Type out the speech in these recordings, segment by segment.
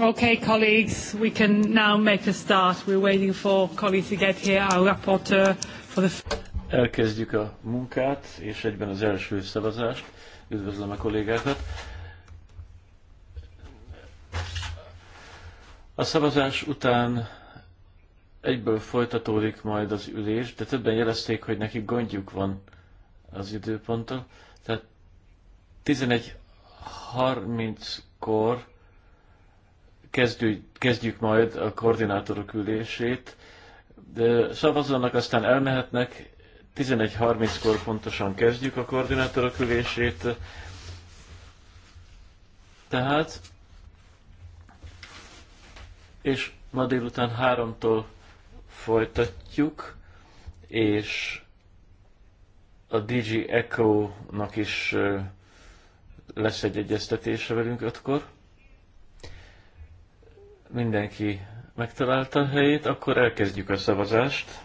Okay, colleagues, we can now make a start. We're waiting for colleagues to get here, our rapporteur for the... Elkezdjük a munkát, és egyben az első szavazást. Üdvözlöm a kollégákat. A szavazás után egyből folytatódik majd az ülés, de többen jelezték, hogy nekik gondjuk van az időponttal. Tehát 11.30-kor kezdjük, kezdjük majd a koordinátorok ülését. De szavazzanak, aztán elmehetnek. 11.30-kor pontosan kezdjük a koordinátorok ülését. Tehát, és ma délután háromtól folytatjuk, és a DG Echo-nak is lesz egy egyeztetése velünk ötkor. Mindenki megtalálta a helyét, akkor elkezdjük a szavazást.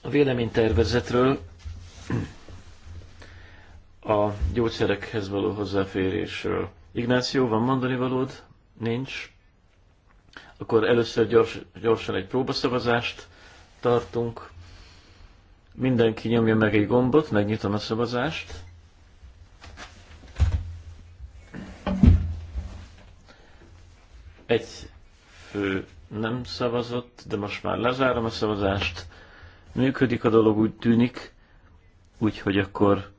A véleménytervezetről a gyógyszerekhez való hozzáférésről. Ignáció, van mondani valód? Nincs. Akkor először gyors, gyorsan egy próbaszavazást tartunk. Mindenki nyomja meg egy gombot, megnyitom a szavazást. Egy fő nem szavazott, de most már lezárom a szavazást. Működik a dolog, úgy tűnik, úgyhogy akkor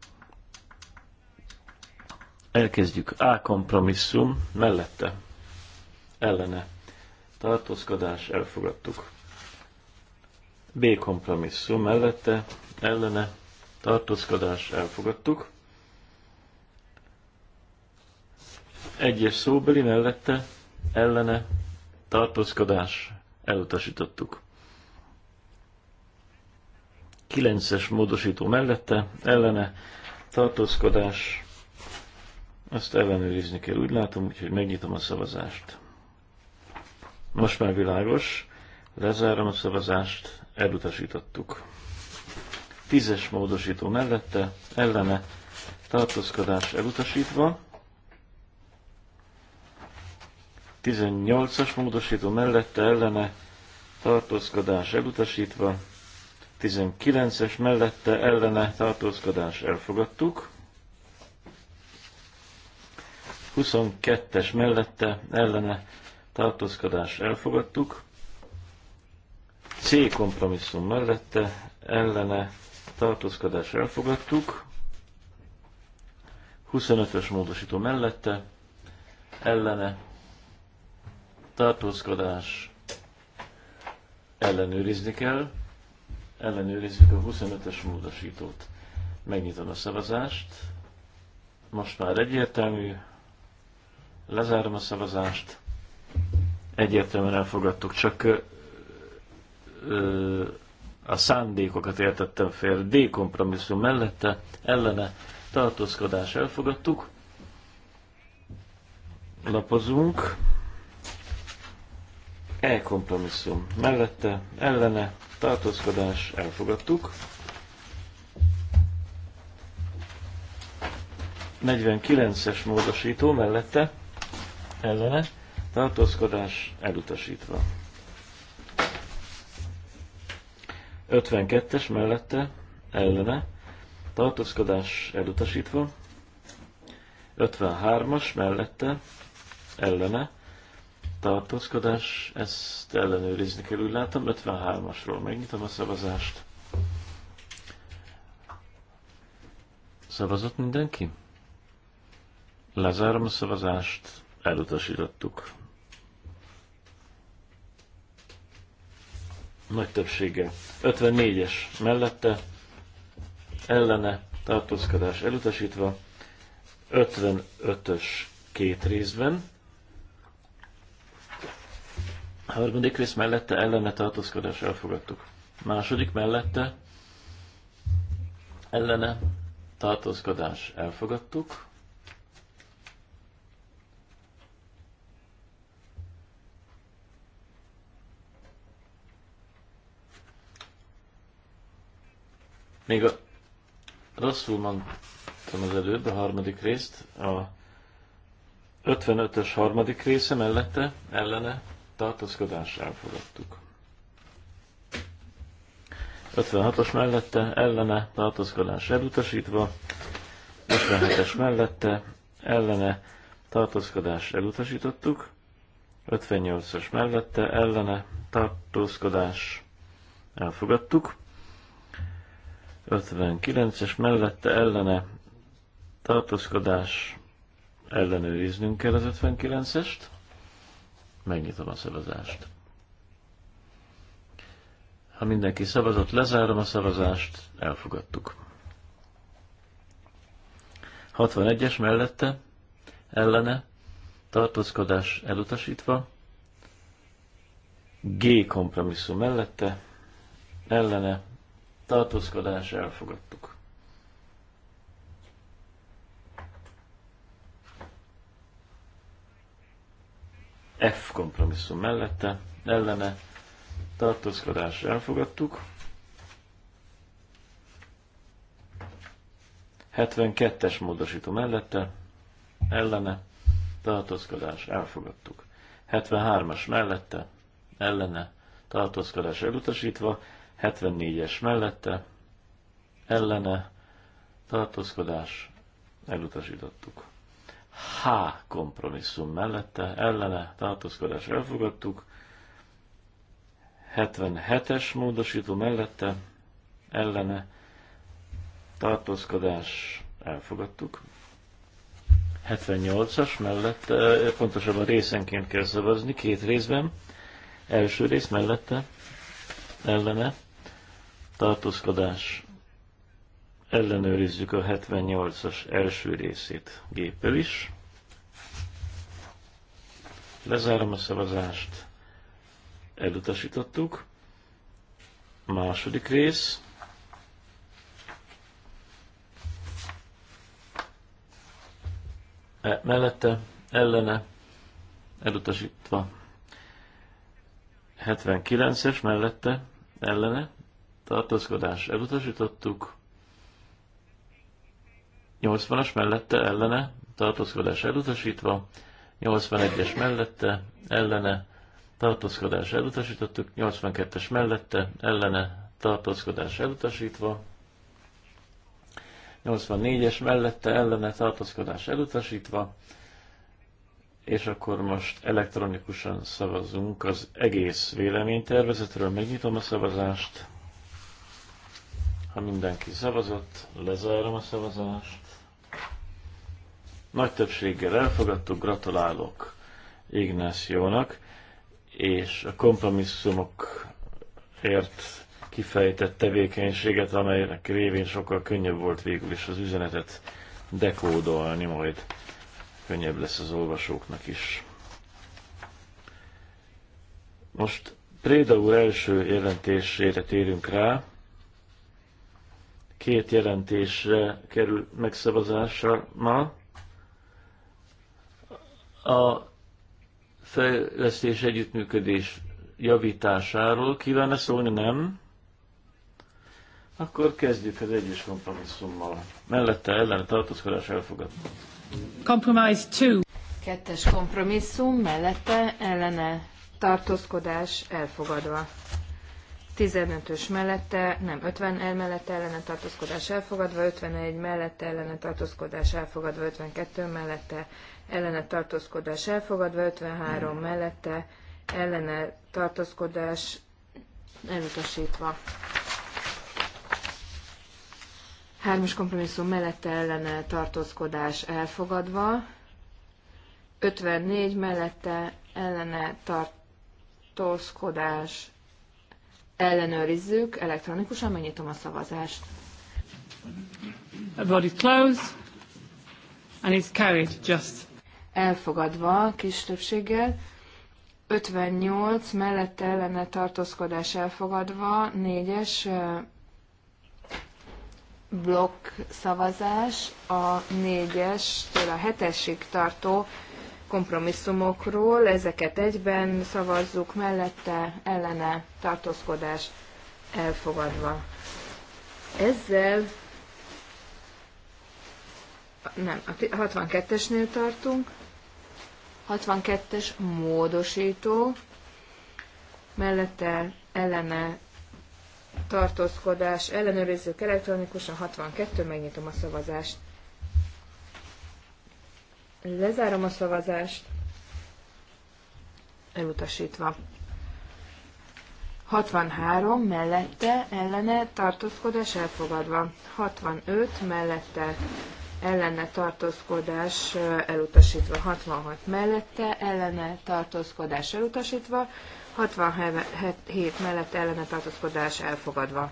elkezdjük. A kompromisszum mellette, ellene. Tartózkodás, elfogadtuk. B kompromisszum mellette, ellene, tartózkodás, elfogadtuk. Egyes szóbeli mellette, ellene tartózkodás elutasítottuk. 9-es módosító mellette ellene tartózkodás ezt ellenőrizni kell, úgy látom, úgyhogy megnyitom a szavazást. Most már világos, lezárom a szavazást, elutasítottuk. Tízes módosító mellette, ellene, tartózkodás elutasítva. 18-as módosító mellette ellene tartózkodás elutasítva, 19-es mellette ellene tartózkodás elfogadtuk, 22-es mellette ellene tartózkodás elfogadtuk, C kompromisszum mellette ellene tartózkodás elfogadtuk, 25-ös módosító mellette ellene tartózkodás ellenőrizni kell. Ellenőrizzük a 25-es módosítót. Megnyitom a szavazást. Most már egyértelmű. Lezárom a szavazást. Egyértelműen elfogadtuk, csak ö, ö, a szándékokat értettem fél. D kompromisszum mellette, ellene tartózkodás elfogadtuk. Lapozunk. E kompromisszum mellette, ellene, tartózkodás, elfogadtuk. 49-es módosító mellette, ellene, tartózkodás elutasítva. 52-es mellette, ellene, tartózkodás elutasítva. 53-as mellette, ellene, tartózkodás, ezt ellenőrizni kell, úgy látom, 53-asról megnyitom a szavazást. Szavazott mindenki? Lezárom a szavazást, elutasítottuk. Nagy többséggel. 54-es mellette, ellene, tartózkodás elutasítva, 55-ös két részben, a harmadik rész mellette ellene tartózkodás elfogadtuk. Második mellette ellene tartózkodás elfogadtuk. Még a rosszul mondtam az előbb a harmadik részt, a 55-ös harmadik része mellette, ellene tartózkodás elfogadtuk. 56-os mellette ellene tartózkodás elutasítva, 57-es mellette ellene tartózkodás elutasítottuk, 58-as mellette ellene tartózkodás elfogadtuk, 59-es mellette ellene tartózkodás ellenőriznünk kell az 59-est. Megnyitom a szavazást. Ha mindenki szavazott, lezárom a szavazást, elfogadtuk. 61-es mellette, ellene, tartózkodás elutasítva, G kompromisszum mellette, ellene, tartózkodás elfogadtuk. F kompromisszum mellette, ellene, tartózkodás elfogadtuk. 72-es módosító mellette, ellene, tartózkodás elfogadtuk. 73-as mellette, ellene, tartózkodás elutasítva, 74-es mellette, ellene, tartózkodás elutasítottuk. H kompromisszum mellette, ellene tartózkodás elfogadtuk, 77-es módosító mellette, ellene tartózkodás elfogadtuk, 78-as mellette, eh, pontosabban részenként kell szavazni, két részben, első rész mellette, ellene tartózkodás Ellenőrizzük a 78-as első részét géppel is. Lezárom a szavazást. Elutasítottuk. Második rész. E Mellette, ellene, elutasítva. 79-es mellette, ellene, tartózkodás elutasítottuk. 80-as mellette ellene tartózkodás elutasítva, 81-es mellette ellene tartózkodás elutasítottuk, 82-es mellette ellene tartózkodás elutasítva, 84-es mellette ellene tartózkodás elutasítva, és akkor most elektronikusan szavazunk az egész véleménytervezetről. Megnyitom a szavazást. Ha mindenki szavazott, lezárom a szavazást. Nagy többséggel elfogadtuk, gratulálok Ignációnak, és a kompromisszumokért kifejtett tevékenységet, amelynek révén sokkal könnyebb volt végül is az üzenetet dekódolni, majd könnyebb lesz az olvasóknak is. Most Préda úr első jelentésére térünk rá. Két jelentésre kerül megszavazásra ma a fejlesztés együttműködés javításáról kívánna szólni, nem? Akkor kezdjük az egyes kompromisszummal. Mellette ellen tartózkodás elfogadva. Compromise 2. Kettes kompromisszum, mellette ellene tartózkodás elfogadva. 15-ös mellette, nem 50 el mellette ellene tartózkodás elfogadva, 51 mellette ellene tartózkodás elfogadva, 52 mellette ellene tartózkodás elfogadva, 53 mellette ellene tartózkodás elutasítva. Hármas kompromisszum mellette ellene tartózkodás elfogadva, 54 mellette ellene tartózkodás ellenőrizzük elektronikusan, megnyitom a szavazást. A body close and it's carried just elfogadva kis többséggel, 58 mellette ellene tartózkodás elfogadva, 4-es blokk szavazás a 4 es a 7-esig tartó kompromisszumokról, ezeket egyben szavazzuk mellette ellene tartózkodás elfogadva. Ezzel nem, a 62-esnél tartunk. 62-es módosító, mellette ellene tartózkodás, ellenőrizzük elektronikusan 62, megnyitom a szavazást. Lezárom a szavazást, elutasítva. 63 mellette, ellene, tartózkodás elfogadva. 65 mellette, ellene tartózkodás elutasítva 66 mellette, ellene tartózkodás elutasítva, 67 mellett ellene tartózkodás elfogadva.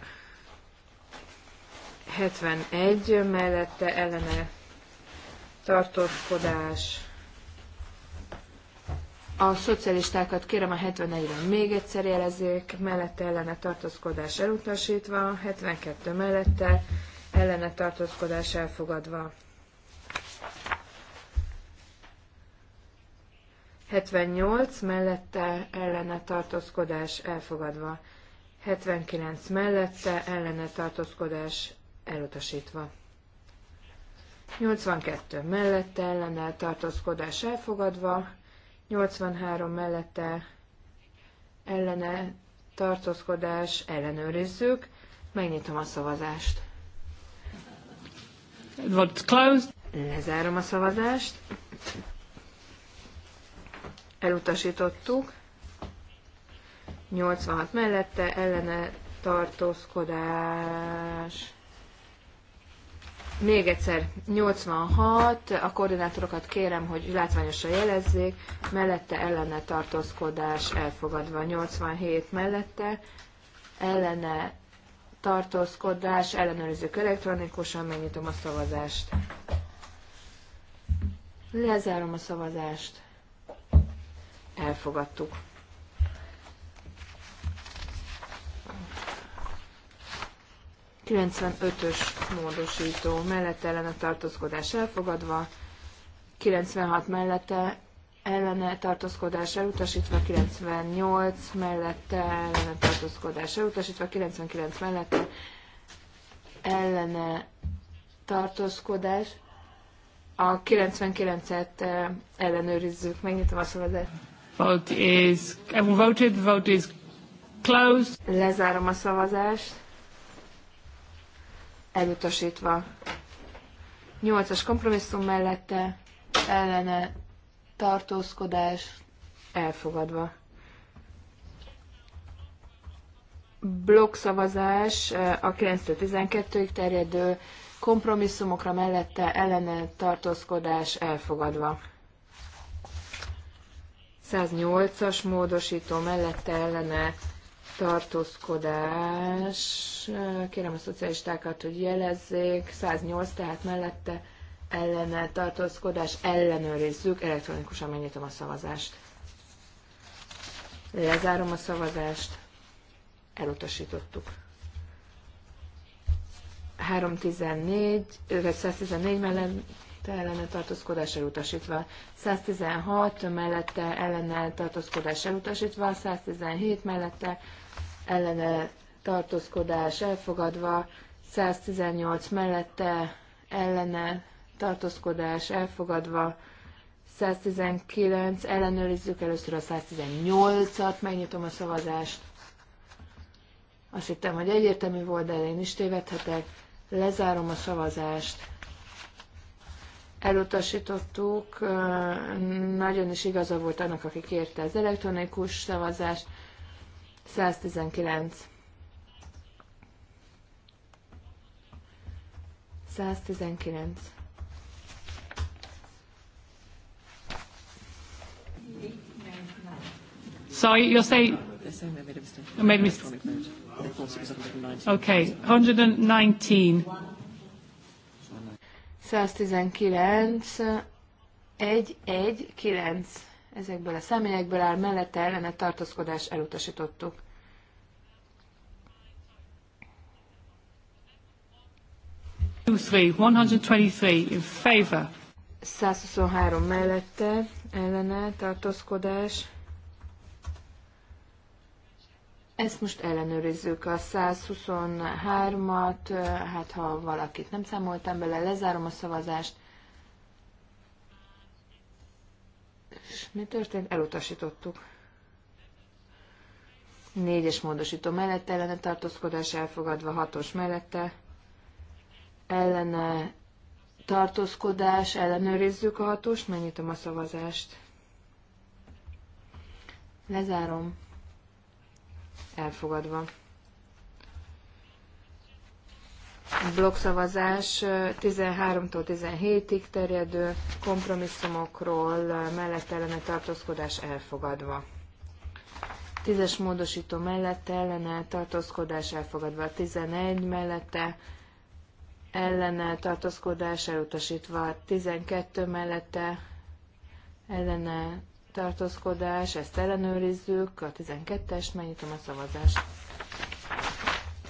71 mellette ellene tartózkodás. A szocialistákat kérem a 71-re még egyszer jelezzék, mellette ellene tartózkodás elutasítva, 72 mellette ellene tartózkodás elfogadva. 78 mellette ellene tartózkodás elfogadva. 79 mellette ellene tartózkodás elutasítva. 82 mellette ellene tartózkodás elfogadva. 83 mellette ellene tartózkodás ellenőrizzük. Megnyitom a szavazást. Vote closed. Lezárom a szavazást. Elutasítottuk. 86 mellette ellene tartózkodás. Még egyszer, 86, a koordinátorokat kérem, hogy látványosan jelezzék, mellette ellene tartózkodás elfogadva, 87 mellette ellene tartózkodás, ellenőrizzük elektronikusan, megnyitom a szavazást. Lezárom a szavazást. Elfogadtuk. ös módosító mellette ellen a tartózkodás elfogadva, 96 mellette ellene tartózkodás elutasítva 98, mellette ellene tartózkodás elutasítva 99, mellette ellene tartózkodás. A 99-et eh, ellenőrizzük, megnyitom a szavazást. Vote is, everyone voted, vote is closed. Lezárom a szavazást. Elutasítva. 8-as kompromisszum mellette ellene tartózkodás elfogadva. Blokkszavazás eh, a 9-12-ig terjedő kompromisszumokra mellette ellene tartózkodás elfogadva. 108-as módosító mellette ellene tartózkodás, eh, kérem a szocialistákat, hogy jelezzék, 108 tehát mellette ellene tartózkodás ellenőrizzük. Elektronikusan megnyitom a szavazást. Lezárom a szavazást. Elutasítottuk. 314, 114 mellett ellene tartózkodás elutasítva, 116 mellette ellene tartózkodás elutasítva, 117 mellette ellene tartózkodás elfogadva, 118 mellette ellene tartózkodás elfogadva, 119, ellenőrizzük először a 118-at, megnyitom a szavazást. Azt hittem, hogy egyértelmű volt, de én is tévedhetek. Lezárom a szavazást. Elutasítottuk, nagyon is igaza volt annak, aki kérte az elektronikus szavazást. 119. 119. Sorry, you're saying... They're saying they made a mistake. They made a mistake. 119. Okay, 119. 119, 1, 1, 9. Ezekből a személyekből áll mellette ellene tartózkodás elutasítottuk. Two, three, 123 in favor. 123 mellette ellene tartózkodás Ezt most ellenőrizzük a 123-at, hát ha valakit nem számoltam bele, lezárom a szavazást. És mi történt? Elutasítottuk. Négyes módosító mellette ellene tartózkodás elfogadva, hatos mellette ellene tartózkodás, ellenőrizzük a hatost, megnyitom a szavazást. Lezárom elfogadva. Blokkszavazás 13-tól 17-ig terjedő kompromisszumokról mellett ellene tartózkodás elfogadva. Tízes módosító mellette ellene tartózkodás elfogadva. 11 mellette ellene tartózkodás elutasítva. 12 mellette ellene tartózkodás, ezt ellenőrizzük, a 12 es megnyitom a szavazást.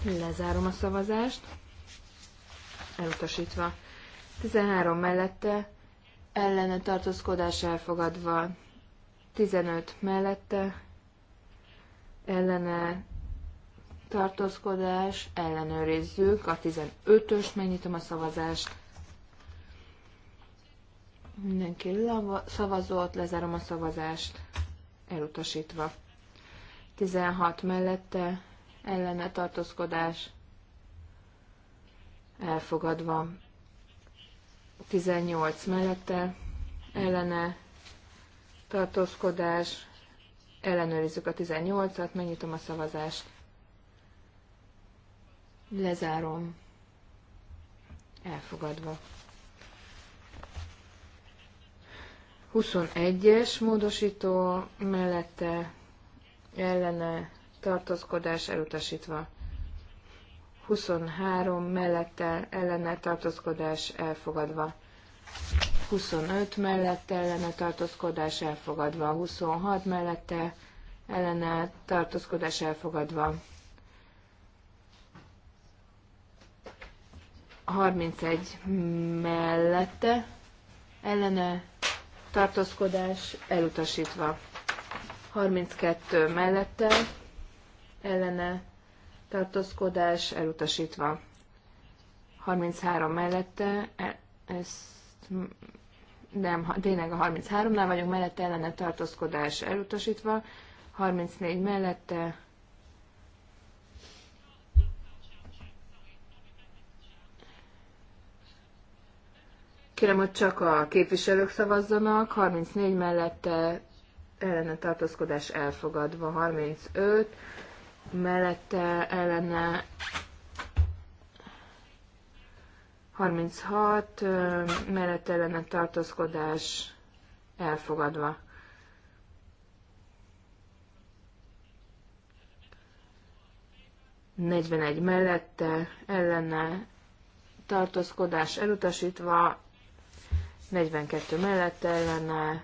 Lezárom a szavazást, elutasítva. 13 mellette, ellene tartózkodás elfogadva, 15 mellette, ellene tartózkodás, ellenőrizzük, a 15-ös, megnyitom a szavazást, Mindenki szavazott, lezárom a szavazást, elutasítva. 16 mellette, ellene tartózkodás, elfogadva. 18 mellette, ellene tartózkodás, ellenőrizzük a 18-at, megnyitom a szavazást. Lezárom. Elfogadva. 21-es módosító mellette ellene tartózkodás elutasítva. 23 mellette ellene tartózkodás elfogadva. 25 mellette ellene tartózkodás elfogadva. 26 mellette ellene tartózkodás elfogadva. 31 mellette ellene tartózkodás elutasítva. 32 mellette ellene tartózkodás elutasítva. 33 mellette, e, ezt nem, tényleg a 33-nál vagyunk, mellette ellene tartózkodás elutasítva, 34 mellette Kérem, hogy csak a képviselők szavazzanak. 34 mellette ellene tartózkodás elfogadva. 35 mellette ellene 36 mellette ellene tartózkodás elfogadva. Negyvenegy mellette ellene tartózkodás elutasítva, 42 mellett ellene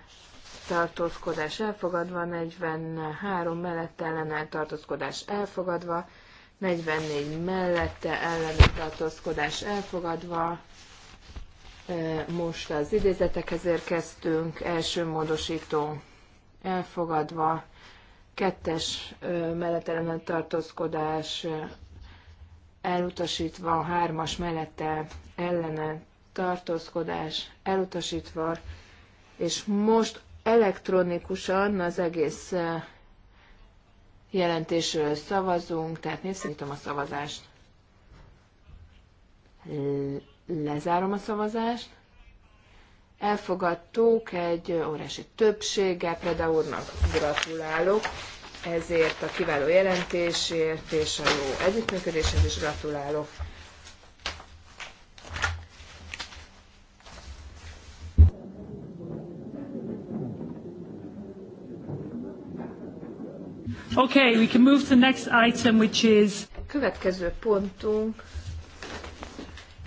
tartózkodás elfogadva, 43 mellette ellene tartózkodás elfogadva, 44 mellette ellene tartózkodás elfogadva. E, most az idézetekhez érkeztünk, első módosító elfogadva, kettes e, mellette ellene tartózkodás e, elutasítva, hármas mellette ellene tartózkodás elutasítva, és most elektronikusan az egész eh, jelentésről szavazunk, tehát nyitom a szavazást. Lezárom a szavazást. Elfogadtuk egy órási többséggel, Preda úrnak gratulálok ezért a kiváló jelentésért és a jó együttműködéshez is gratulálok. Okay, we can move to the next item, which is... Következő pontunk,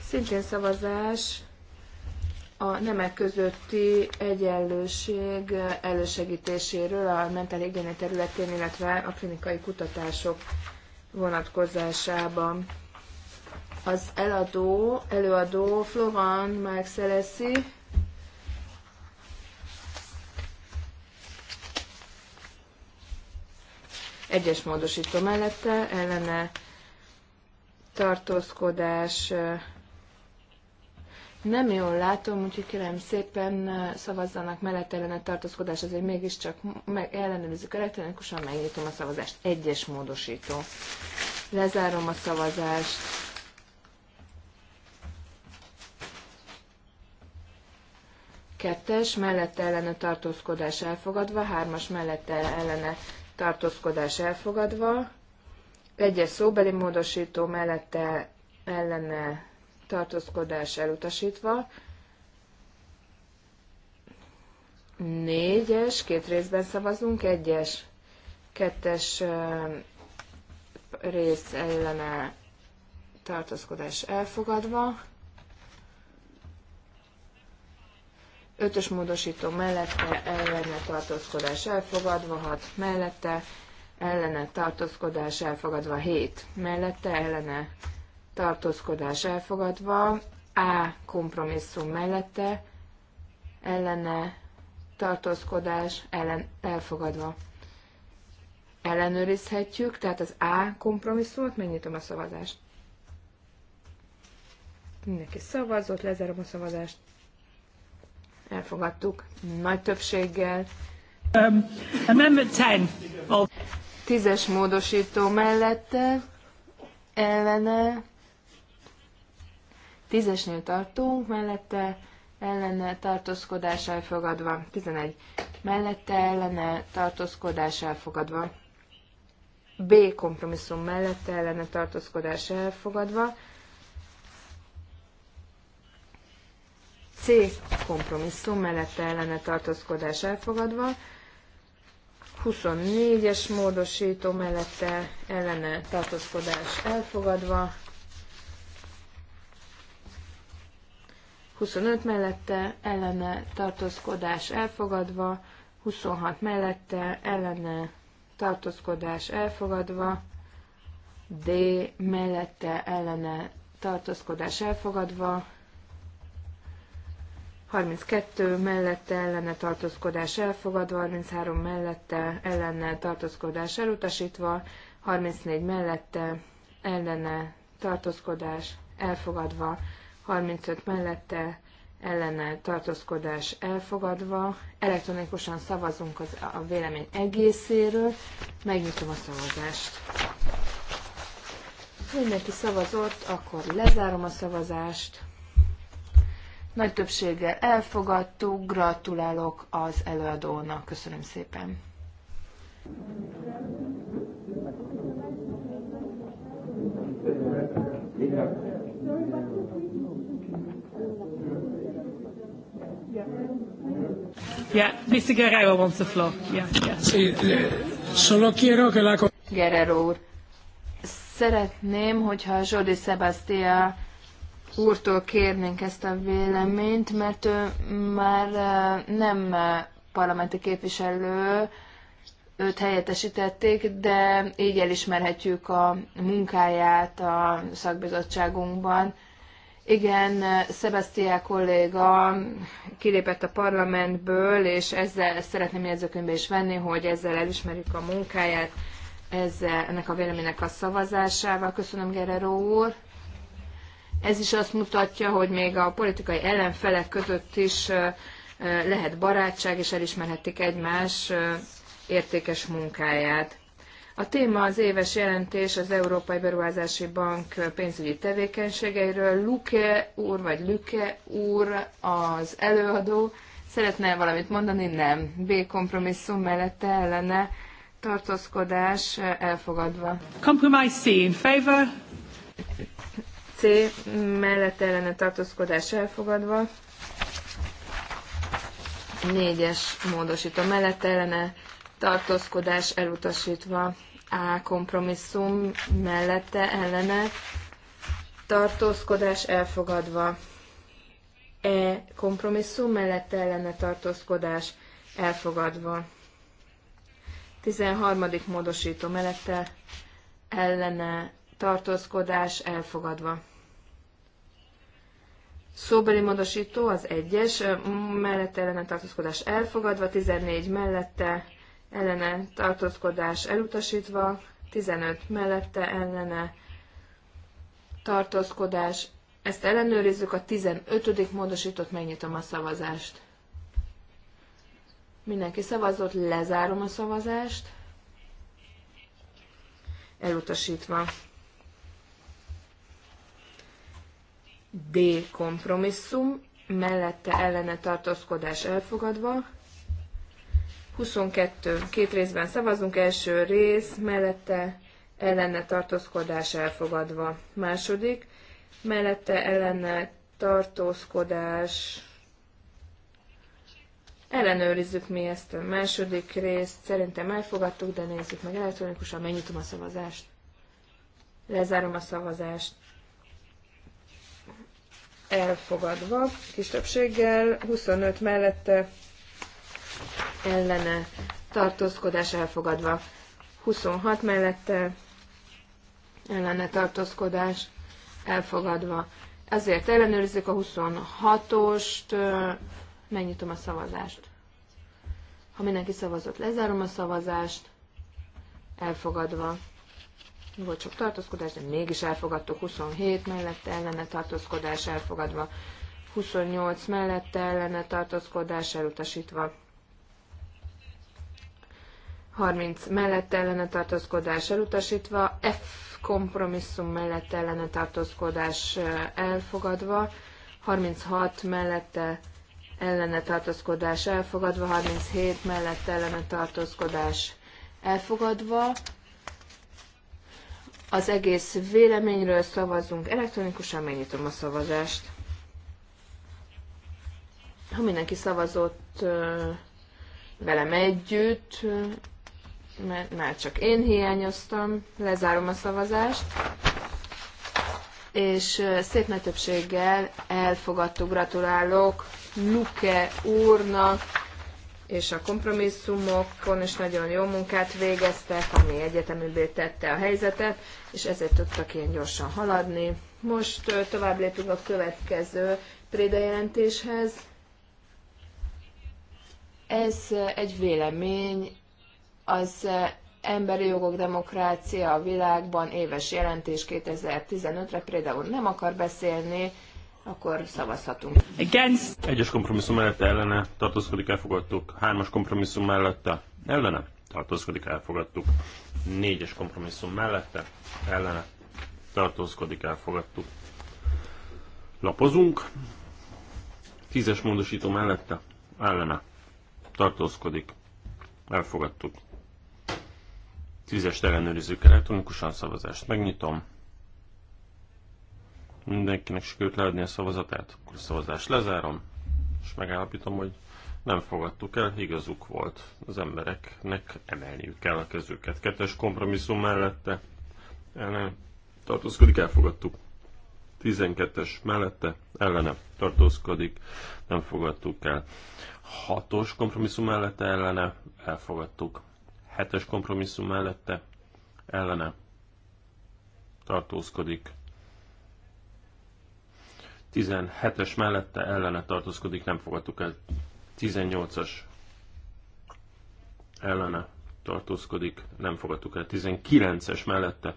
szintén szavazás, a nemek közötti egyenlőség elősegítéséről a mentálhigiénia területén, illetve a klinikai kutatások vonatkozásában. Az eladó, előadó Florent Marcelesi, Egyes módosító mellette ellene tartózkodás nem jól látom, úgyhogy kérem szépen szavazzanak mellett ellene tartózkodás, azért mégiscsak meg ellenőrizzük elektronikusan, megnyitom a szavazást. Egyes módosító. Lezárom a szavazást. Kettes, mellette ellene tartózkodás elfogadva, hármas mellette ellene tartózkodás elfogadva, egyes szóbeli módosító mellette ellene tartózkodás elutasítva, négyes, két részben szavazunk, egyes, kettes rész ellene tartózkodás elfogadva, Ötös módosító mellette ellene tartózkodás elfogadva, 6 mellette ellene tartózkodás elfogadva, 7 mellette ellene tartózkodás elfogadva, A kompromisszum mellette ellene tartózkodás ellen elfogadva. Ellenőrizhetjük, tehát az A kompromisszumot, megnyitom a szavazást. Mindenki szavazott, lezárom a szavazást. Elfogadtuk nagy többséggel. Um, amendment 10. Oh. Tízes módosító mellette, ellene, tízesnél tartunk, mellette, ellene, tartózkodás elfogadva. 11. Mellette, ellene, tartózkodás elfogadva. B kompromisszum mellette, ellene, tartózkodás elfogadva. C kompromisszum mellette ellene tartózkodás elfogadva, 24-es módosító mellette ellene tartózkodás elfogadva, 25 mellette ellene tartózkodás elfogadva, 26 mellette ellene tartózkodás elfogadva, D mellette ellene tartózkodás elfogadva, 32 mellette ellene tartózkodás elfogadva, 33 mellette ellene tartózkodás elutasítva, 34 mellette ellene tartózkodás elfogadva, 35 mellette ellene tartózkodás elfogadva. Elektronikusan szavazunk az, a vélemény egészéről. Megnyitom a szavazást. Mindenki szavazott, akkor lezárom a szavazást nagy többséggel elfogadtuk, gratulálok az előadónak. Köszönöm szépen. Yeah, Mr. Guerrero wants the floor. Yeah, yeah. Sí, solo quiero que la... Guerrero úr, szeretném, hogyha Jordi Sebastia úrtól kérnénk ezt a véleményt, mert ő már nem parlamenti képviselő, őt helyettesítették, de így elismerhetjük a munkáját a szakbizottságunkban. Igen, Sebastián kolléga kilépett a parlamentből, és ezzel szeretném jegyzőkönyvbe is venni, hogy ezzel elismerjük a munkáját, ezzel, ennek a véleménynek a szavazásával. Köszönöm, Gerero úr! Ez is azt mutatja, hogy még a politikai ellenfelek között is lehet barátság, és elismerhetik egymás értékes munkáját. A téma az éves jelentés az Európai Beruházási Bank pénzügyi tevékenységeiről. Luke úr, vagy Luke úr az előadó. Szeretne valamit mondani? Nem. B kompromisszum mellette ellene tartózkodás elfogadva. Compromise C in favor. C mellett ellene tartózkodás elfogadva. Négyes módosító mellett ellene tartózkodás elutasítva. A kompromisszum mellette ellene tartózkodás elfogadva. E kompromisszum mellette ellene tartózkodás elfogadva. 13. módosító mellette ellene tartózkodás elfogadva. Szóbeli módosító az egyes, mellette ellene tartózkodás elfogadva, 14 mellette ellene tartózkodás elutasítva, 15 mellette ellene tartózkodás. Ezt ellenőrizzük, a 15. módosított megnyitom a szavazást. Mindenki szavazott, lezárom a szavazást. Elutasítva. D kompromisszum, mellette ellene tartózkodás elfogadva. 22. Két részben szavazunk. Első rész, mellette ellene tartózkodás elfogadva. Második, mellette ellene tartózkodás ellenőrizzük mi ezt a második részt. Szerintem elfogadtuk, de nézzük meg elektronikusan, megnyitom a szavazást. Lezárom a szavazást elfogadva kis többséggel, 25 mellette ellene tartózkodás elfogadva, 26 mellette ellene tartózkodás elfogadva. Ezért ellenőrizzük a 26-ost, megnyitom a szavazást. Ha mindenki szavazott, lezárom a szavazást, elfogadva volt sok tartózkodás, de mégis elfogadtuk 27 mellette ellene tartózkodás elfogadva, 28 mellette ellene tartózkodás elutasítva. 30 mellett ellene tartózkodás elutasítva, F kompromisszum mellett ellene tartózkodás eh, elfogadva, 36 mellette ellene tartózkodás elfogadva, 37 mellett ellene tartózkodás elfogadva, az egész véleményről szavazunk elektronikusan, megnyitom a szavazást. Ha mindenki szavazott velem együtt, mert már csak én hiányoztam, lezárom a szavazást és szép nagy többséggel elfogadtuk. Gratulálok Luke úrnak, és a kompromisszumokon is nagyon jó munkát végeztek, ami egyeteműbé tette a helyzetet, és ezért tudtak ilyen gyorsan haladni. Most tovább lépünk a következő prédajelentéshez. Ez egy vélemény az Emberi jogok demokrácia a világban éves jelentés 2015-re. például nem akar beszélni, akkor szavazhatunk. Against. Egyes kompromisszum mellett ellene tartózkodik, elfogadtuk. Hármas kompromisszum mellette ellene tartózkodik, elfogadtuk. Négyes kompromisszum mellette ellene tartózkodik, elfogadtuk. Lapozunk. Tízes módosító mellette ellene tartózkodik, elfogadtuk. Tízes ellenőrizzük elektronikusan szavazást. Megnyitom. Mindenkinek sikerült leadni a szavazatát, akkor a szavazást lezárom, és megállapítom, hogy nem fogadtuk el, igazuk volt. Az embereknek emelniük kell a kezüket. Kettes kompromisszum mellette ellen tartózkodik, elfogadtuk. 12-es mellette ellene tartózkodik, nem fogadtuk el. 6-os kompromisszum mellette ellene elfogadtuk. 7-es kompromisszum mellette ellene tartózkodik, 17-es mellette ellene tartózkodik, nem fogadtuk el. 18-as ellene tartózkodik, nem fogadtuk el. 19-es mellette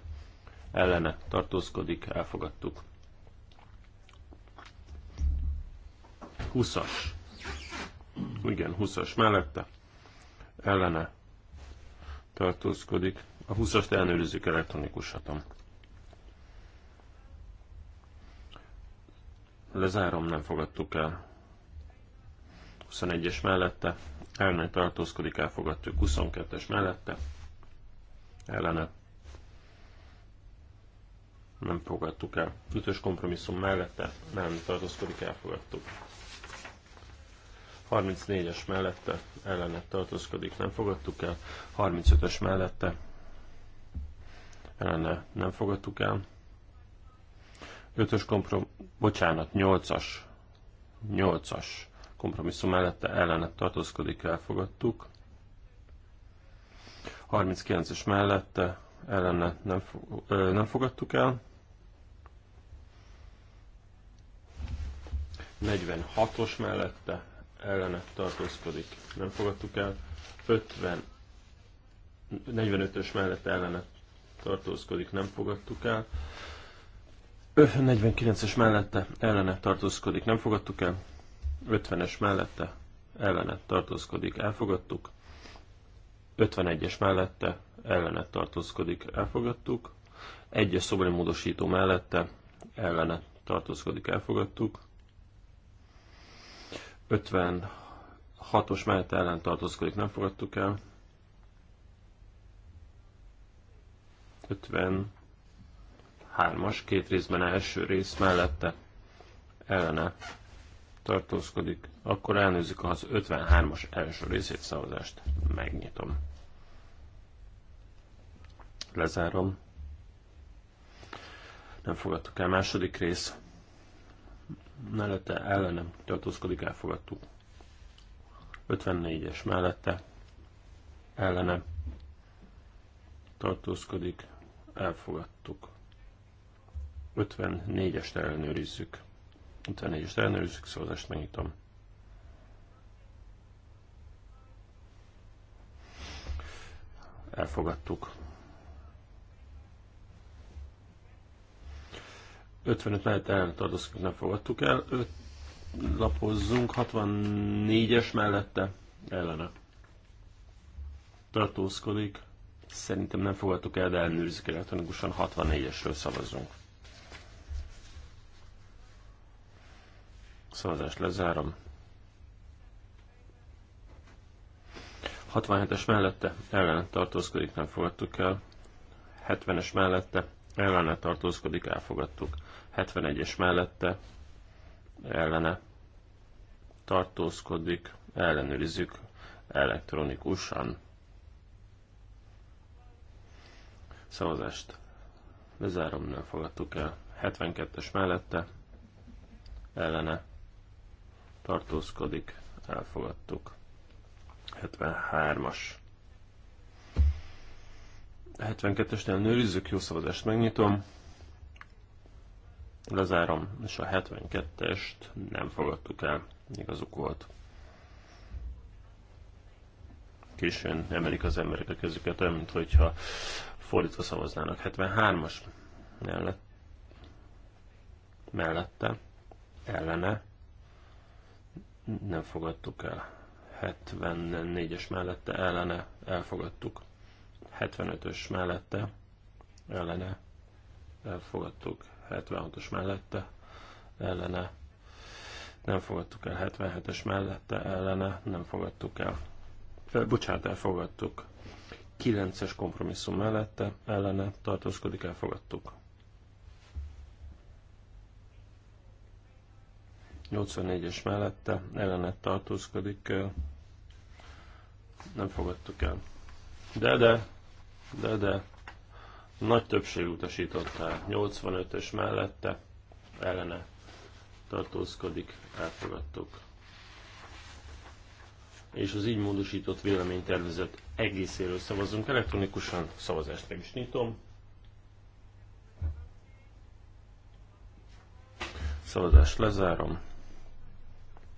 ellene tartózkodik, elfogadtuk. 20-as. Igen, 20-as mellette ellene tartózkodik. A 20-ast elnőrizzük elektronikus hatom. Lezárom, nem fogadtuk el. 21-es mellette, elmegy tartózkodik, elfogadtuk. 22-es mellette, ellene. Nem fogadtuk el. 5-ös kompromisszum mellette, nem tartózkodik, elfogadtuk. 34-es mellette ellene tartózkodik, nem fogadtuk el. 35-ös mellette ellene nem fogadtuk el. Ötös komprom... Bocsánat, nyolcas. Nyolcas kompromisszum mellette ellenet tartózkodik, elfogadtuk. 39-es mellette ellene nem, fo- nem fogadtuk el. 46-os mellette ellene tartózkodik, nem fogadtuk el. 50 45-ös mellette ellene tartózkodik, nem fogadtuk el. 49-es öh, mellette ellene tartózkodik, nem fogadtuk el. 50-es mellette ellene tartózkodik, elfogadtuk. 51-es mellette ellene tartózkodik, elfogadtuk. 1-es szobori módosító mellette ellene tartózkodik, elfogadtuk. 56-os mellette ellen tartózkodik, nem fogadtuk el. 50 hármas, két részben első rész mellette ellene tartózkodik, akkor elnőzik az 53-as első részét szavazást. Megnyitom. Lezárom. Nem fogadtuk el. Második rész. Mellette ellene tartózkodik, elfogadtuk. 54-es mellette ellene tartózkodik, elfogadtuk. 54-est ellenőrizzük. 54-est ellenőrizzük, szavazást megnyitom. Elfogadtuk. 55 mellett eltartózkodik, nem fogadtuk el. 5 lapozzunk, 64-es mellette ellene tartózkodik. Szerintem nem fogadtuk el, de elnőrizik elektronikusan, 64-esről szavazzunk. Szavazást lezárom. 67-es mellette ellen tartózkodik, nem fogadtuk el. 70-es mellette ellene tartózkodik, elfogadtuk. 71-es mellette ellene tartózkodik, ellenőrizzük elektronikusan. Szavazást lezárom, nem fogadtuk el. 72-es mellette ellene tartózkodik, elfogadtuk. 73-as. 72 esnél nőrizzük, jó szavazást megnyitom. Lezárom, és a 72-est nem fogadtuk el, igazuk volt. Későn emelik az emberek a kezüket, olyan, mint hogyha fordítva szavaznának. 73-as mellett, mellette, ellene, nem fogadtuk el. 74-es mellette ellene elfogadtuk. 75-ös mellette ellene elfogadtuk. 76-os mellette ellene nem fogadtuk el. 77-es mellette ellene nem fogadtuk el. Bocsánat, elfogadtuk. 9-es kompromisszum mellette ellene tartózkodik, elfogadtuk. 84-es mellette ellenet tartózkodik, nem fogadtuk el. De, de, de, de, nagy többség utasította 85-ös mellette ellene tartózkodik, elfogadtuk. És az így módosított véleménytervezet egészéről szavazunk elektronikusan, szavazást meg is nyitom. Szavazást lezárom.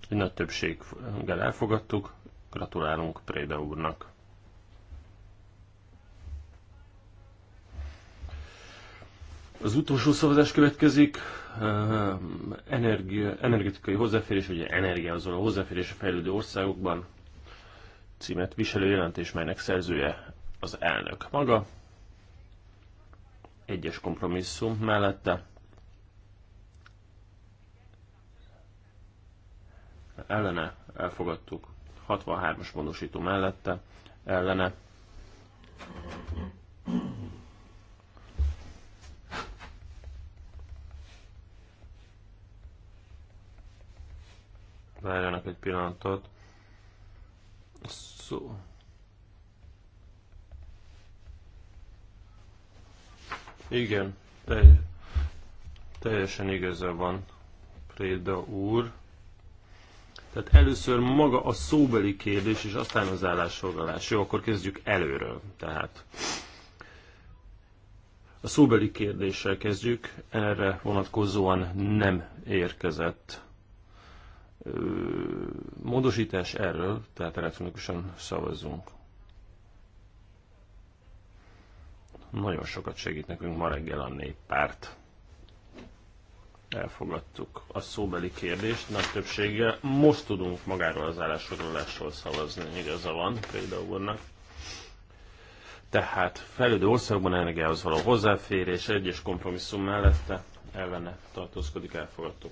Egy nagy többséggel elfogadtuk. Gratulálunk Préda úrnak. Az utolsó szavazás következik. Ehm, energia, energetikai hozzáférés, vagy energia azon a hozzáférés a fejlődő országokban címet viselő jelentés, melynek szerzője az elnök maga. Egyes kompromisszum mellette ellene elfogadtuk. 63-as módosító mellette ellene Várjanak egy pillanatot. Szó. Igen, teljesen igaza van, Préda úr. Tehát először maga a szóbeli kérdés, és aztán az állásfoglalás. Jó, akkor kezdjük előről. Tehát a szóbeli kérdéssel kezdjük. Erre vonatkozóan nem érkezett módosítás erről, tehát elektronikusan szavazzunk. Nagyon sokat segít nekünk ma reggel a néppárt elfogadtuk a szóbeli kérdést nagy többséggel. Most tudunk magáról az állásfoglalásról szavazni, igaza van például úrnak. Tehát fejlődő országban energiához való hozzáférés egyes kompromisszum mellette ellene tartózkodik, elfogadtuk.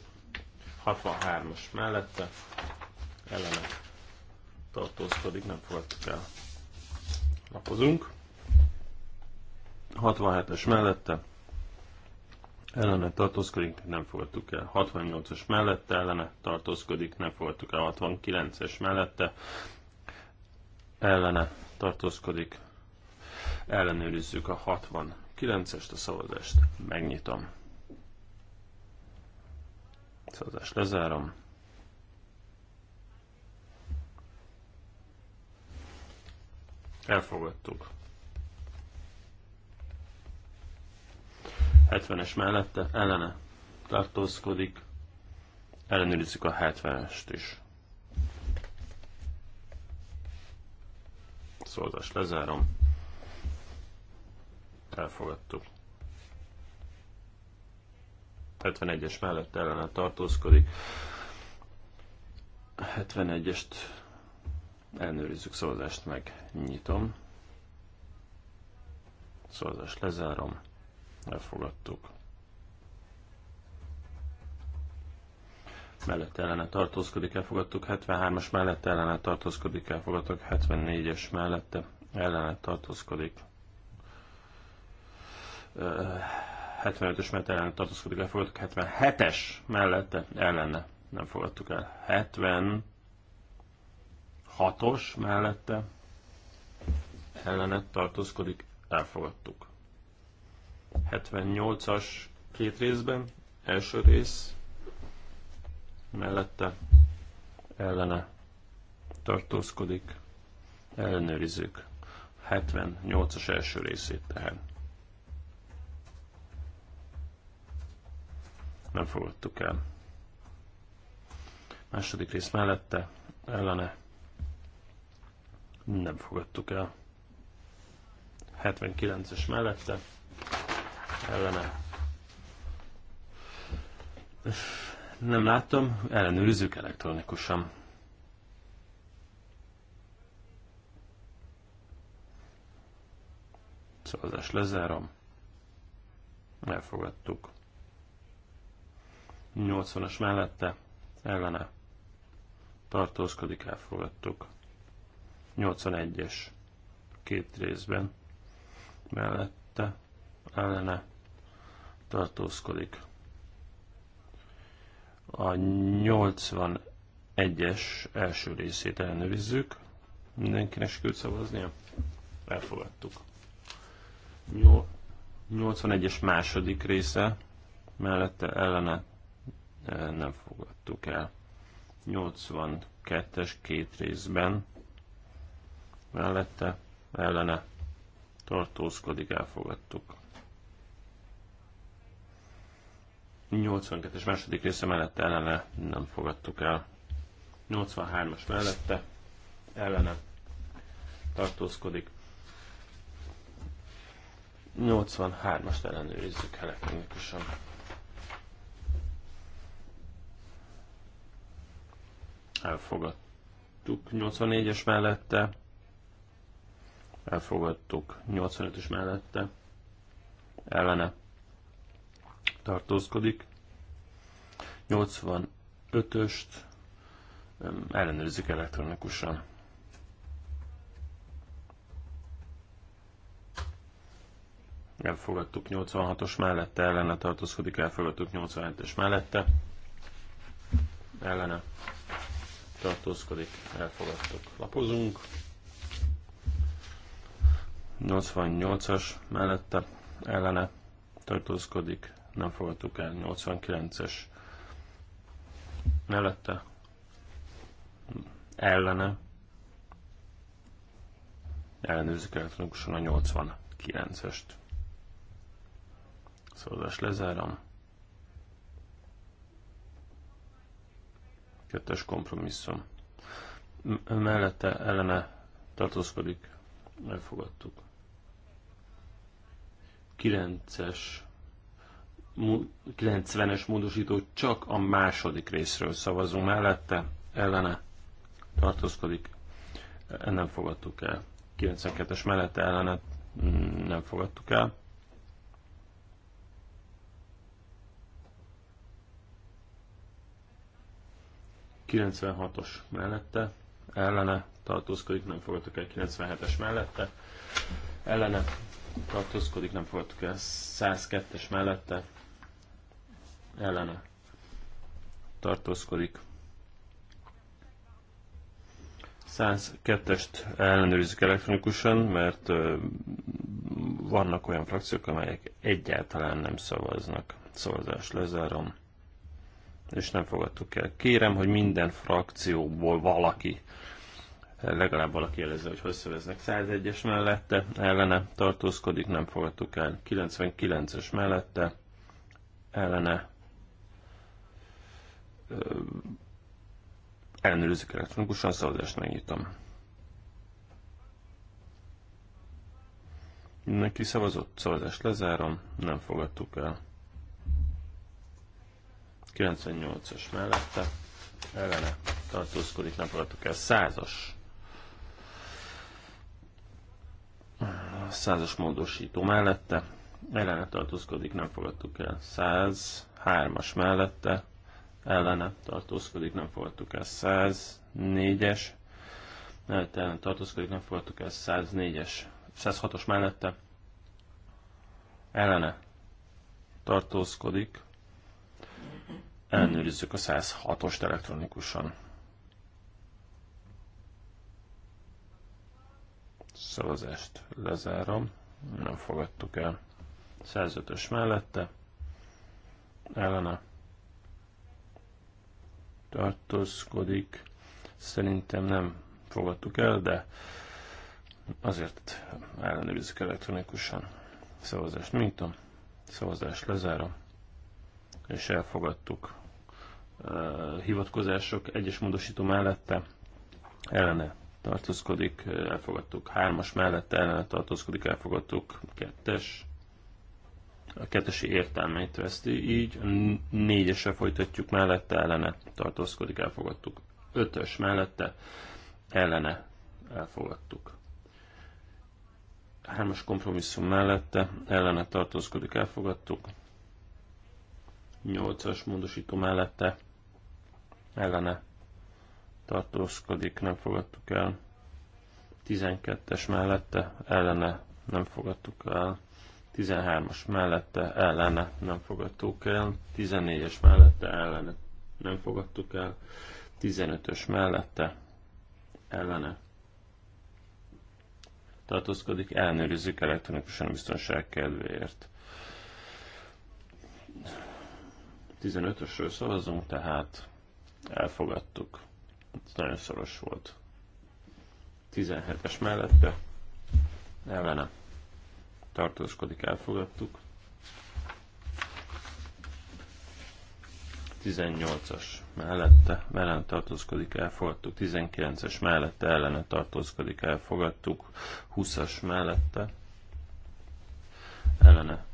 63-as mellette ellene tartózkodik, nem fogadtuk el. Lapozunk. 67-es mellette ellene tartózkodik, nem fogadtuk el. 68-as mellette ellene tartózkodik, nem fogadtuk el. 69-es mellette ellene tartózkodik, ellenőrizzük a 69-est, a szavazást megnyitom. Szavazást lezárom. Elfogadtuk. 70-es mellette ellene tartózkodik, ellenőrizzük a 70-est is. Szolgást lezárom. Elfogadtuk. 71-es mellett ellene tartózkodik. 71-est ellenőrizzük szavazást meg, nyitom. Szavazást lezárom elfogadtuk. mellett ellene tartózkodik, elfogadtuk 73-as, mellett ellene tartózkodik, elfogadtuk 74-es, mellette ellene tartózkodik. 75-ös mellett ellene tartózkodik, elfogadtuk 77-es, mellette ellene nem fogadtuk el. 76-os mellette ellene tartózkodik, elfogadtuk. 78-as két részben, első rész mellette ellene tartózkodik, ellenőrizzük 78-as első részét tehát. Nem fogadtuk el. Második rész mellette, ellene nem fogadtuk el. 79-es mellette ellene. Nem látom, ellenőrizzük elektronikusan. Szavazást lezárom. Elfogadtuk. 80-as mellette, ellene. Tartózkodik, elfogadtuk. 81-es, két részben, mellette, ellene tartózkodik. A 81-es első részét elnevezzük. Mindenkinek sikült szavaznia? Elfogadtuk. 81-es második része mellette ellene eh, nem fogadtuk el. 82-es két részben mellette ellene tartózkodik, elfogadtuk. 82-es második része mellette ellene nem fogadtuk el. 83-as mellette ellene tartózkodik. 83 as ellenőrizzük elektronikusan. Elfogadtuk 84-es mellette. Elfogadtuk 85-ös mellette. Ellene tartózkodik. 85-öst ellenőrzik elektronikusan. Elfogadtuk 86-os mellette, ellene tartózkodik, elfogadtuk 87-es mellette, ellene tartózkodik, elfogadtuk. Lapozunk. 88-as mellette, ellene tartózkodik, nem fogadtuk el. 89-es mellette ellene ellenőrzik elektronikusan a 89-est. szózás lezárom. Kettes kompromisszum. M mellette ellene tartózkodik. Elfogadtuk. 9-es 90-es módosító csak a második részről szavazunk mellette, ellene tartózkodik, e, nem fogadtuk el. 92-es mellette ellene mm, nem fogadtuk el. ...96-os mellette, ellene tartózkodik, nem fogadtuk el 97-es mellette, ellene tartózkodik, nem fogadtuk el 102-es mellette, ellene tartózkodik. 102-est ellenőrizzük elektronikusan, mert vannak olyan frakciók, amelyek egyáltalán nem szavaznak. Szavazást lezárom, és nem fogadtuk el. Kérem, hogy minden frakcióból valaki, legalább valaki jelezze, hogy hogy szavaznak. 101-es mellette, ellene tartózkodik, nem fogadtuk el. 99-es mellette, ellene ellenőrizzük elektronikusan, szavazást megnyitom. Mindenki szavazott, szavazást lezárom, nem fogadtuk el. 98-as mellette, ellene tartózkodik, nem fogadtuk el. 100-as. 100-as módosító mellette, ellene tartózkodik, nem fogadtuk el. 103-as mellette, ellene tartózkodik, nem fogadtuk el 104-es, mellette ellen tartózkodik, nem fogadtuk el 104-es, 106-os mellette, ellene tartózkodik, ellenőrizzük a 106-ost elektronikusan. Szavazást lezárom, nem fogadtuk el. 105-ös mellette, ellene tartózkodik. Szerintem nem fogadtuk el, de azért ellenőrizzük elektronikusan. Szavazást nyitom, szavazást lezárom, és elfogadtuk hivatkozások egyes módosító mellette ellene tartózkodik, elfogadtuk hármas mellette ellene tartózkodik, elfogadtuk kettes a kettesi értelmét veszti, így négyesre folytatjuk mellette ellene tartózkodik, elfogadtuk. Ötös mellette ellene elfogadtuk. Hármas kompromisszum mellette ellene tartózkodik, elfogadtuk. Nyolcas módosító mellette ellene tartózkodik, nem fogadtuk el. 12-es mellette ellene nem fogadtuk el. 13-as mellette ellene nem fogadtuk el, 14-es mellette ellene nem fogadtuk el, 15-ös mellette ellene tartózkodik, ellenőrizzük elektronikusan a biztonság kedvéért. 15-ösről szavazunk, tehát elfogadtuk. Ez nagyon szoros volt. 17-es mellette ellene tartózkodik, elfogadtuk. 18-as mellette ellen tartózkodik, elfogadtuk. 19-es mellette ellene tartózkodik, elfogadtuk. 20-as mellette ellene.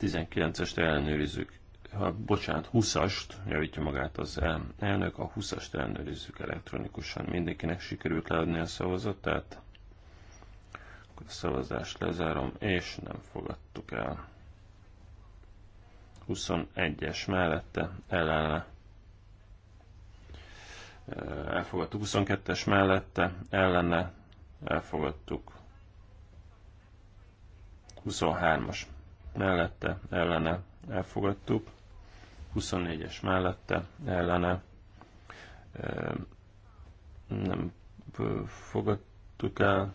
19-est ellenőrizzük. Ha, bocsánat, 20-ast, javítja magát az elnök, a 20-ast ellenőrizzük elektronikusan. Mindenkinek sikerült leadni a szavazatát? Akkor a szavazást lezárom, és nem fogadtuk el. 21-es mellette ellene. Elfogadtuk 22-es mellette ellene. Elfogadtuk 23-as mellette ellene. Elfogadtuk 24-es mellette ellene. Nem fogadtuk el.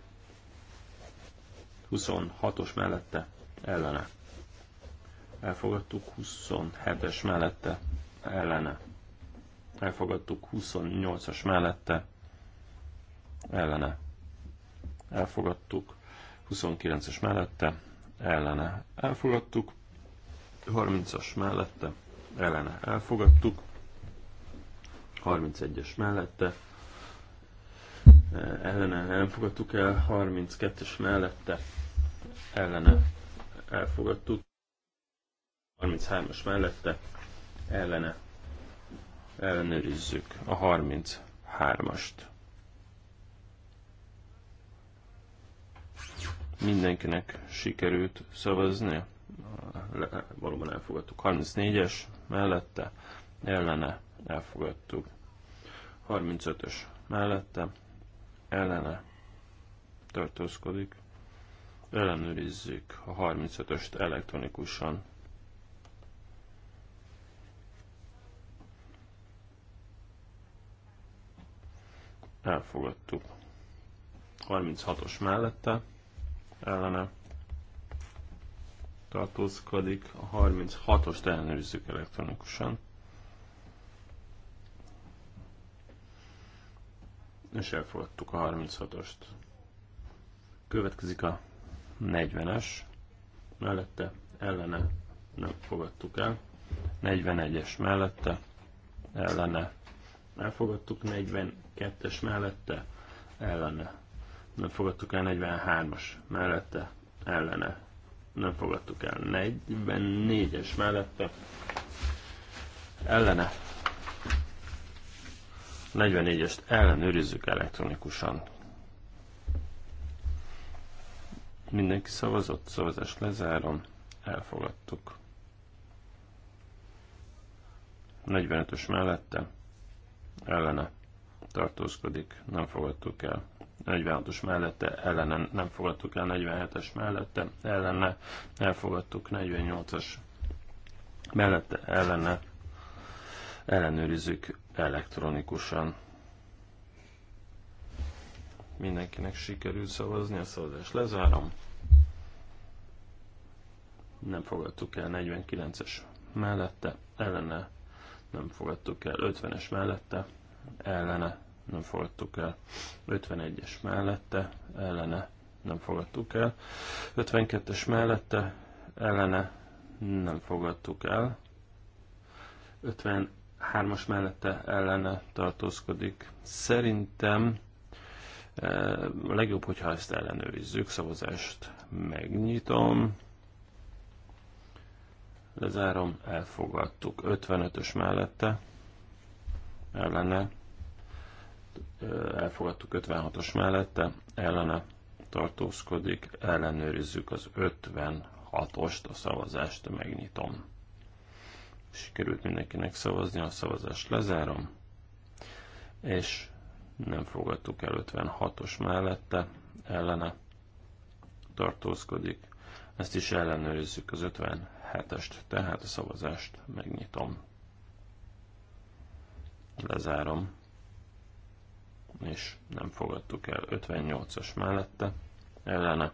26-os mellette ellene. Elfogadtuk 27-es mellette ellene. Elfogadtuk 28-as mellette ellene. Elfogadtuk 29-es mellette ellene. Elfogadtuk 30-as mellette ellene. Elfogadtuk 31-es mellette ellene. Elfogadtuk el 32-es mellette ellene elfogadtuk, 33-as mellette ellene ellenőrizzük a 33-ast. Mindenkinek sikerült szavazni, Le, valóban elfogadtuk. 34-es mellette ellene elfogadtuk. 35-ös mellette ellene tartózkodik ellenőrizzük a 35-öst elektronikusan. Elfogadtuk. 36-os mellette, ellene tartózkodik, a 36-ost ellenőrizzük elektronikusan. És elfogadtuk a 36-ost. Következik a 40-es, mellette ellene nem fogadtuk el, 41-es mellette ellene elfogadtuk, 42-es mellette ellene nem fogadtuk el, 43-as mellette ellene nem fogadtuk el, 44-es mellette ellene 44-est ellenőrizzük elektronikusan. Mindenki szavazott, szavazást lezárom, elfogadtuk. 45-ös mellette, ellene tartózkodik, nem fogadtuk el. 46-os mellette, ellene nem fogadtuk el, 47-es mellette, ellene elfogadtuk, 48-as mellette, ellene ellenőrizzük elektronikusan. Mindenkinek sikerül szavazni, a szavazást lezárom. Nem fogadtuk el 49-es mellette, ellene nem fogadtuk el 50-es mellette, ellene nem fogadtuk el 51-es mellette, ellene nem fogadtuk el 52-es mellette, ellene nem fogadtuk el 53-as mellette ellene tartózkodik. Szerintem Legjobb, hogyha ezt ellenőrizzük. Szavazást megnyitom. Lezárom, elfogadtuk. 55-ös mellette ellene elfogadtuk 56-os mellette, ellene tartózkodik, ellenőrizzük az 56-ost, a szavazást megnyitom. Sikerült mindenkinek szavazni, a szavazást lezárom, és nem fogadtuk el 56-os mellette, ellene tartózkodik. Ezt is ellenőrizzük az 57-est, tehát a szavazást megnyitom. Lezárom. És nem fogadtuk el 58-as mellette, ellene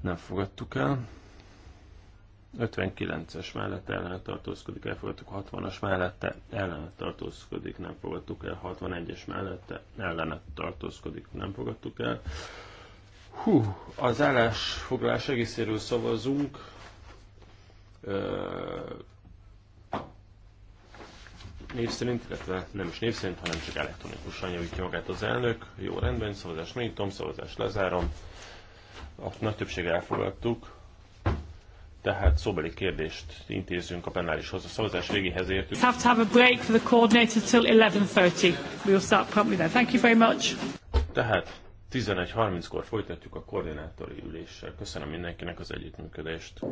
nem fogadtuk el. 59-es mellett ellene tartózkodik, elfogadtuk 60-as mellette, ellene tartózkodik, nem fogadtuk el, 61-es mellette, ellene tartózkodik, nem fogadtuk el. Hú, az állásfoglalás egészéről szavazunk. Név szerint, illetve nem is név szerint, hanem csak elektronikusan javítja magát az elnök. Jó, rendben, szavazást megnyitom, szavazást lezárom. A nagy többség elfogadtuk. Tehát szóbeli kérdést intézzünk a penálishoz A szavazás végéhez értünk. Have to have a break for the coordinator till 11.30. We'll start promptly there. Thank you very much. Tehát 11.30-kor folytatjuk a koordinátori üléssel. Köszönöm mindenkinek az együttműködést.